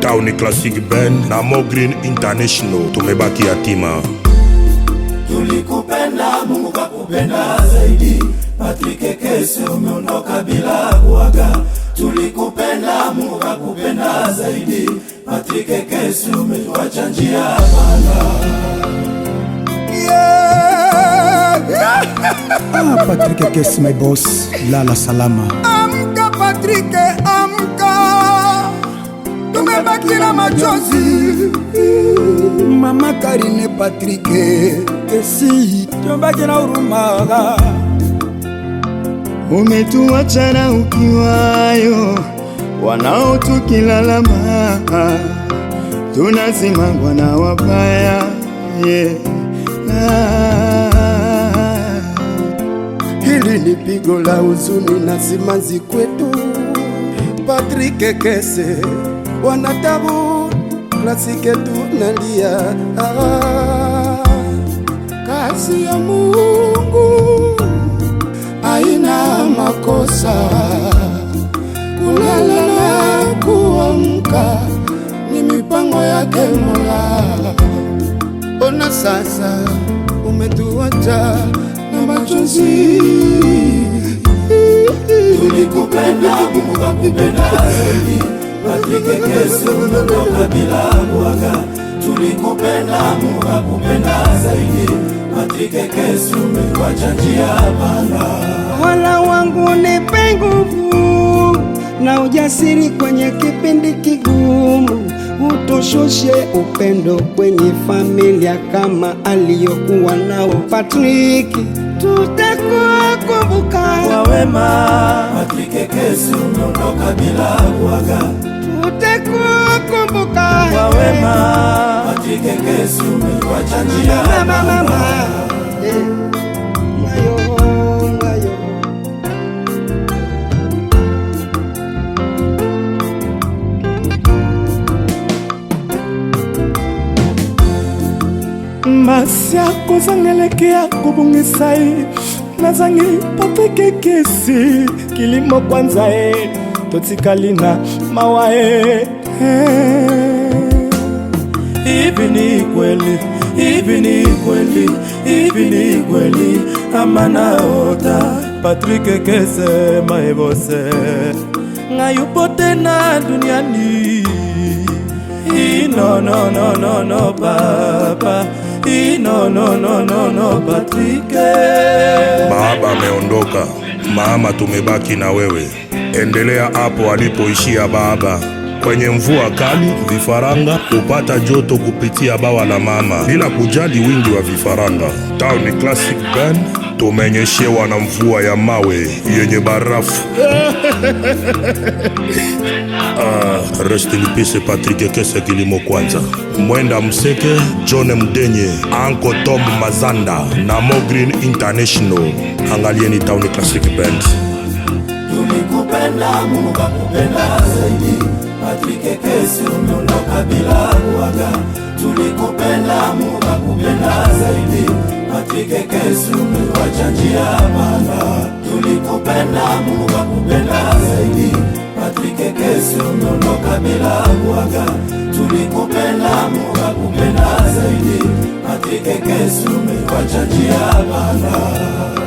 Town Classic Band na Mo Green International tumebaki yatima. Tulikupenda, Mungu kakupenda zaidi. Patrick Kesse umeondoka bila kuaga. Tulikupenda, Mungu kakupenda zaidi. Patrick Kesse umetuacha njia panda. Ah, Patrick Kesse my boss, lala salama. Amka Patrick, amka umebaki na machozi, mama Karine Patrike esi tobaki na uruma, umetuacha na ukiwayo, wanaotukilalama tunazimangwa na wabaya yeah. ah. Hili ni pigo la huzuni na simanzi kwetu Patrike Kese wana tabu klasike tunalia. Ah, kazi ya Mungu aina makosa, kulala na kuamka ni mipango yake Mola. Ona sasa umetuacha na machozi Tulikupenda Mungu kakupenda zaidi Patrike Kesu kutoka bila mwaka, tulikupenda mukakupenda zaidi. Patrike Kesu umekuacha njia panda. wala wangu nipe nguvu na ujasiri kwenye kipindi kigumu, utushushe upendo kwenye familia kama aliyokuwa nao Patrick, tutakukumbuka kwa wema. Patrick Kesu umeondoka bila kuaga mama masia kozangeleki ya kobongisa ye nazangi patike kesi kilimo kwanza ye totikali na mawa ye eh. hivi ni kweli, hivi ni kweli, hivi ni kweli ama naota. Patrick Kese maebose ngayupo tena duniani no, no, no, no, no, papa no, no, no, no, no, Patrick. Baba ameondoka, mama tumebaki na wewe, endelea hapo alipoishia baba. Kwenye mvua kali, vifaranga hupata joto kupitia bawa la mama bila kujali wingi wa vifaranga. Town Classic Gun tumenyeshewa na mvua ya mawe yenye barafu. Uh, rest in peace Patrick Kese kilimo kwanza, Mwenda Mseke, John Mdenye, Anko Tom Mazanda na Mo Green International. Angalieni Town Classic Band. Tulikupenda Mungu akupenda zaidi. Patrick Kesi, umeondoka bila uaga, tulikupenda Mungu akupenda zaidi. Patrick Kesi, umewacha njia panda, tulikupenda Mungu akupenda zaidi. Patrick Kesi, umeondoka bila uaga, tulikupenda Mungu akupenda zaidi. Patrick Kesi, umewacha njia panda